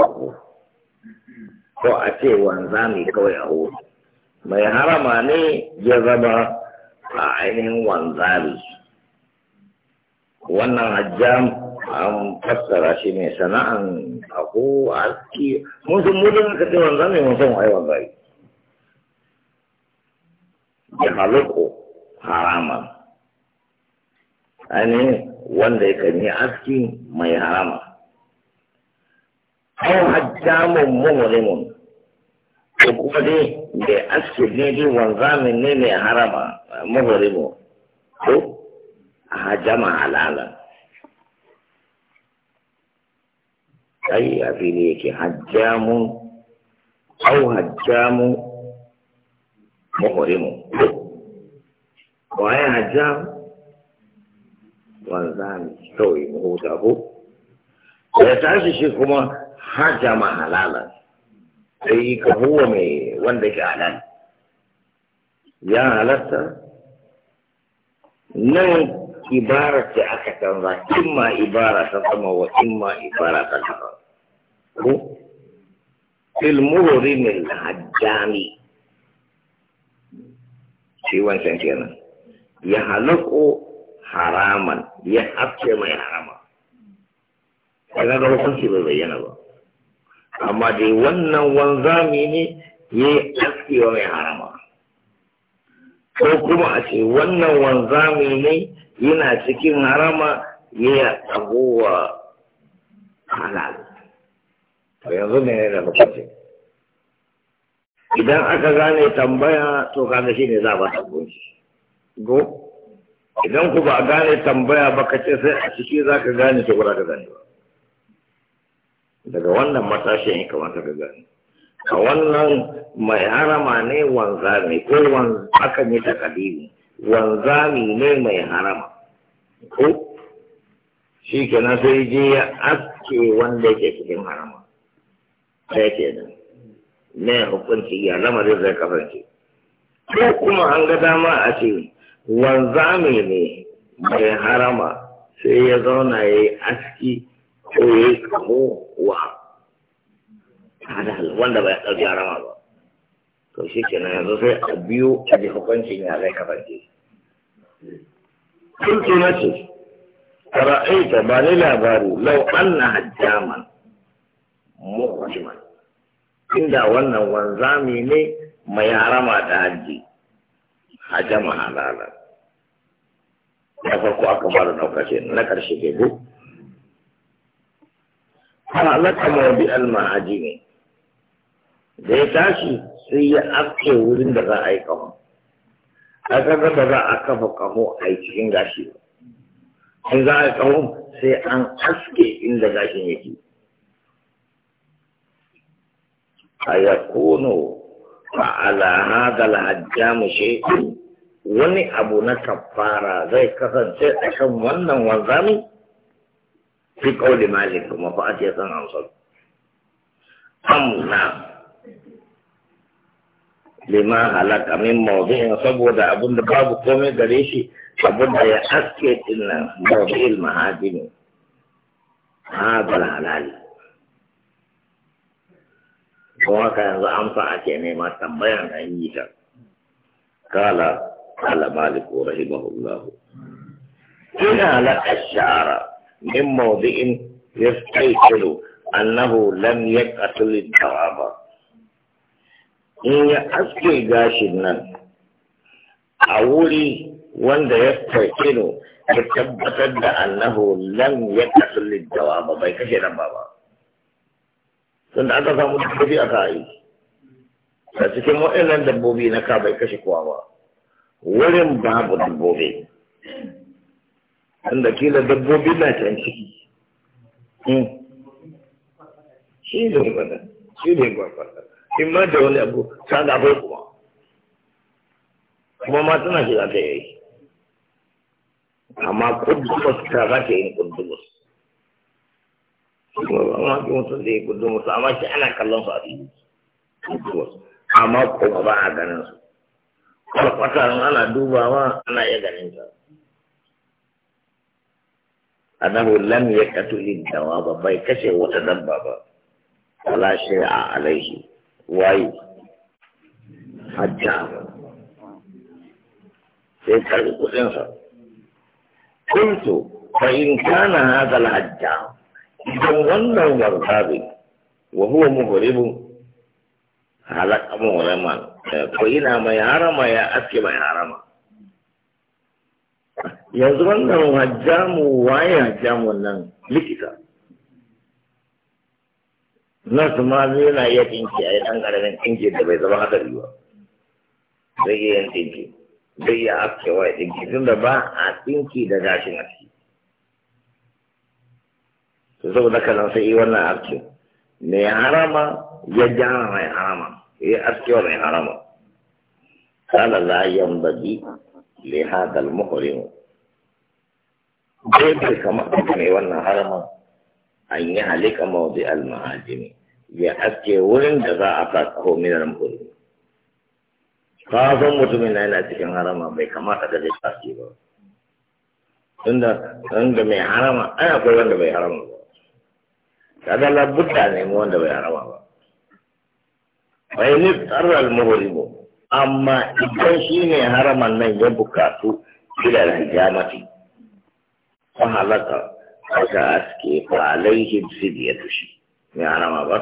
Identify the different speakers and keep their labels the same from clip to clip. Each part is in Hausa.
Speaker 1: haƙo ko a ce wanzami kawai a hudu mai harama ne ya zama a ainihin wanzami wannan hajjam an fassara shi ne sana'an ako aski mun san mutum ka ce wanzami mun san wai wanzami ya haluko harama ainihin wanda ya kan yi aski mai harama h deado la h hajama halalan sai ka huwa mai wanda ke halal ya halatta nan ibara ce aka canza imma ibara ta sama wa imma ibara ta sama ko filmurin al-hajjami shi wancan kenan ya halaku haraman ya hafce mai harama kaga da hukunci bai bayyana ba amma dai wannan wanzami ne ya yi askewa mai harama ko kuma a ce wannan wanzami ne yana cikin harama ya yi tsagowa halal to yanzu ne ne da hukunci idan aka gane tambaya to kaga shi ne za ba ta gunshi go idan ku ba gane tambaya ba ka ce sai a ciki za ka gane to gura ka gane ba daga wannan matashi ya kamata ka gani a wannan mai harama ne wanzami ko akan yi takadimi wanzami ne mai harama ko shi kenan sai je ya aske wanda yake cikin harama sai ke nan ne hukunci ya lamarin zai kasance ko kuma an ga dama a ce wanzami ne mai harama sai ya zauna ya yi aski ko eh, ya yi kamo wa hadal wanda bai ɗauki harama ba to shi ke nan yanzu sai a biyu a ji hukuncin ya zai kasance kun tuna ce ra'aita ba ni labaru lau an na hajjaman muhimman inda wannan wanzami ne mai harama da hajji hajjama halala na farko aka fara ɗauka ce na ƙarshe ke duk halaka mawadi al ne da ya tashi sai ya afke wurin da za a yi kafa a kaga da za a kafa kaho a yi cikin gashi in za a yi kaho sai an aske inda gashin yake a ya kono fa'ala hadal hajjamu shay'un wani abu na kafara zai kasance a kan wannan wanzami في قول مالك ومفاتية عن صدق أمنا lima halaka min mawdi'in saboda abun da babu komai gare shi abin da ya aske din nan mawdi'il mahajin hadal halal kuma ka yanzu amsa ake nema tambayan an yi ta kala kala maliku rahimahullahu ina halaka shara من موضع يستيقظ أنه لم يقتل الدواب إن يأسكي غاشنا أولي wanda ya farke no ya tabbatar da annahu lam ya kasu liddawa bai kashe nan ba ba sun da aka samu dabbobi a kayi Da cikin waɗannan dabbobi na ka bai kashe kowa ba wurin babu dabbobi Tunda kila dabbobi na can ciki. Hmm. Shi ne gwada, shi ne gwada. In ma da wani abu, ta da abai kuma. Kuma ma tana shiga ta yi. Amma kudus ta za ta yi kudus. Kuma ba ma ki mutum da ya kudus, amma shi ana kallon su a fili. Kudus. Amma kuma ba a ganin su. Kwalkwata ana dubawa ana iya ganin ta. annahu lam yakatu indawa ba bai kashe wata dabba ba wala shay'a alaihi wai hajja sai karbi kudin sa kuntu in kana hadha al hajja idan wannan warzabi wa huwa muhribun halaka mu rama ko ina mai harama ya aske mai harama yanzu wannan hajjamu waye hajjamu nan likita nasu ma yana iya tinki a yi ɗan ƙaramin tinki da bai zama hadari ba zai iya yin tinki zai iya aske ya tinki tun da ba a tinki da gashin a ciki to saboda kanan sai yi wannan afke mai harama ya gyara mai harama ya wa mai harama قال لا ينبغي لهذا المحرم dai bai kamata ka mai wannan haramun. an yi halika mawdi al-ma'ajimi ya aske wurin da za a fa kominar mutum ka san mutumin na yana cikin harama bai kamata da zai tashi ba tunda wanda mai harama ai akwai wanda bai harama ba la labudda ne mu wanda bai harama ba bai ne tsarar muhrimu amma idan shi ne haraman nan ya bukatu ila hijamati فهلك فسأسكي فعليه بسدية شيء ya rama ba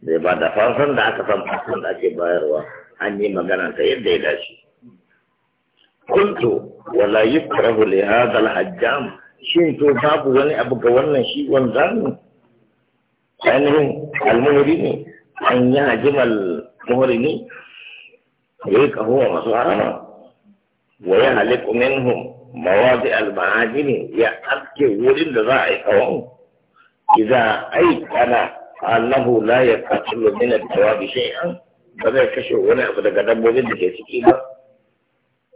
Speaker 1: Mai ba da farkon da aka san ake bayarwa an yi magana ta yadda ya dace kuntu wala yukrahu li hadha al-hajjam shin to babu wani abu ga wannan shi wanzan ainihin almuhri ne an yi hajimal muhri ne ya yi kahuwa masu harama wa ya haliku mawazi al-ma'aji ne ya aske wurin da za a yi kawon iza ai kana annahu la ya kasulu min al-tawabi shay'an ba zai kashe wani abu daga dabbobin da ke ciki ba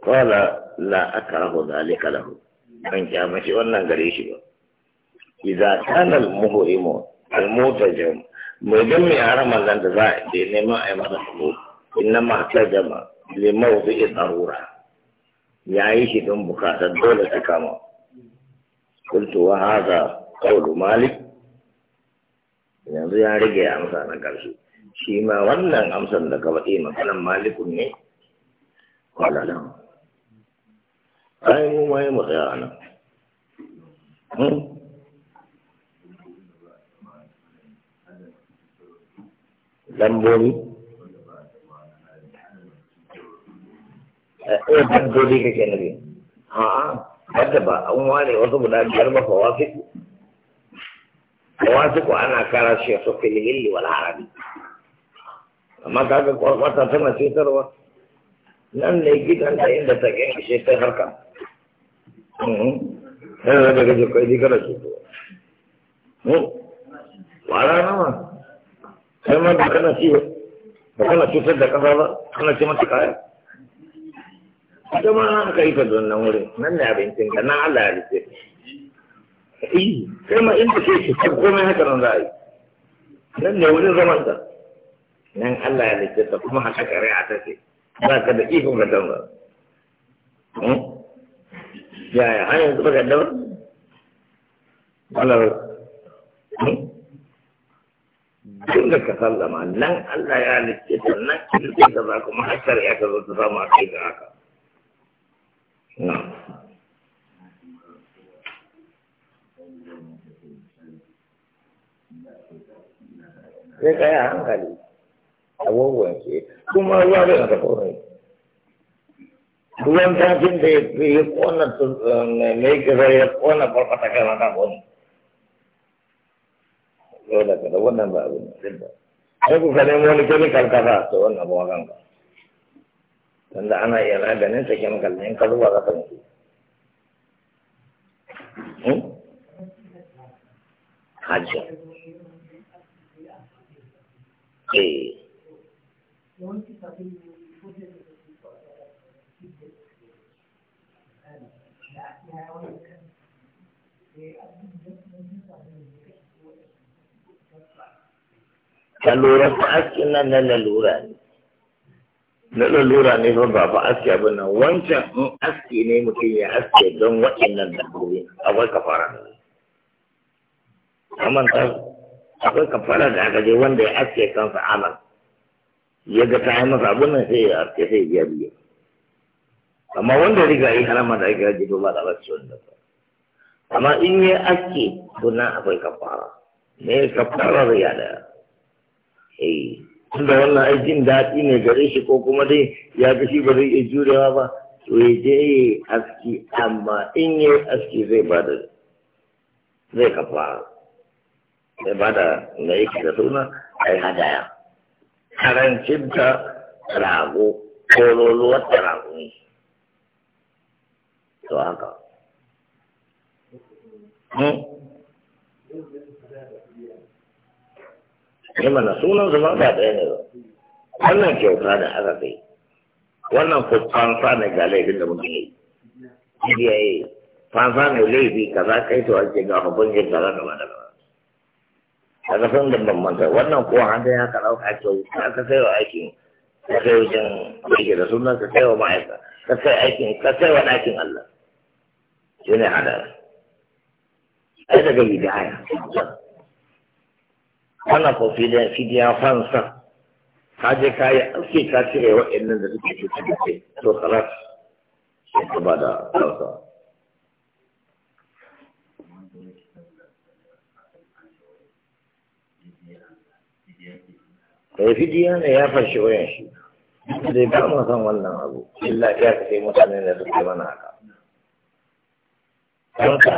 Speaker 1: qala la akrahu dhalika lahu dan ya mace wannan gare shi ba iza kana al-muhrimu al-mutajam mai dan mai haramar nan da za a je neman a yi mana sabo inna ma ta jama'a, lemau zai ɗarura ya yi shi don bukatar dole ta kama kultu wa haza kaulu malik yanzu ya rage amsa na ƙarshe shi ma wannan amsan da gaba ɗaya maganan malikun ne kwalalan ai mu yi a nan hmm? lambobi eh bandoli eh, kake nabi a'a wadda ba an ware wasu guda biyar ba fa wasiku wasiku ana kara shi su fil hilli wal harami amma kaga kwarkwata tana cutarwa nan ne gidan da inda ta gani shi ta harka sai da kaje kai di kada cutarwa wala nama sai ma ba kana ciwo ba kana cutar da kasa ba kana ce mata kaya ita ma an kai ka don nan wurin nan ne abincin ka nan Allah ya rufe eh, kai ma inda ke shi kan komai haka nan za yi nan ne wurin zaman ka nan Allah ya rufe ta kuma haka kare a ta ce ba ka da ikon ka don ba ya har yanzu ba ka da ba tun da ka sallama nan Allah ya halitta ta nan ilmin da za kuma har shari'a ka zo ta samu a kai ga haka sai ka yi a hankali a kuma ruwa zai na tafi da ya kona mai kira ya kona farfata ta kone yau da kada wannan ba sai ku wani kemikal ka ba to wannan ba wakan ana iya maganin ta kemikal ne in ka hajjiyar Ka eh. lura fa aski nan na lalura ne. Na lalura ne fa ba fa aski abin nan wancan in aski ne mutum ya aske don waɗannan dabbobi a wai kafara. Amanta akwai kafara da aka je wanda ya aske kansa amal ya ga ta yi masa abin nan sai ya aske sai ya biya amma wanda riga yi harama da ake ajiye ba da aske wanda ba amma in ya aske na akwai kafara ne kafara da ya da eh tunda wannan aikin jin daɗi ne gare shi ko kuma dai ya ga shi ba zai iya jurewa ba to ya je ya aski amma in ya aski zai ba da zai kafara sai da yake da suna a yi hadaya karancinta rago ko loluwar ta rago ne to haka hmm? ne mana sunan zama ba ɗaya ne ba wannan kyauta da aka kai wannan fansa ne ga laifin da mutum yi ya yi fansa ne laifi kaza kai to ake ga hukun gaba da gaba a kasan da bambanta wannan ko an da ya karau a kyau ka sai wa aikin ka sai wajen aiki da sunan ka sai wa ma'aika ka sai aikin ka sai wa ɗakin Allah shi ne hadara ai daga hidaya wannan ko fidiyan fansa ka je ka yi aiki ka cire wa'annan da suke cikin kai to kalas sai ka ba da kansa ya fidiya ne ya fashi wayan shi zai ba mu san wannan abu illa ya sai mutane da suke mana haka don ka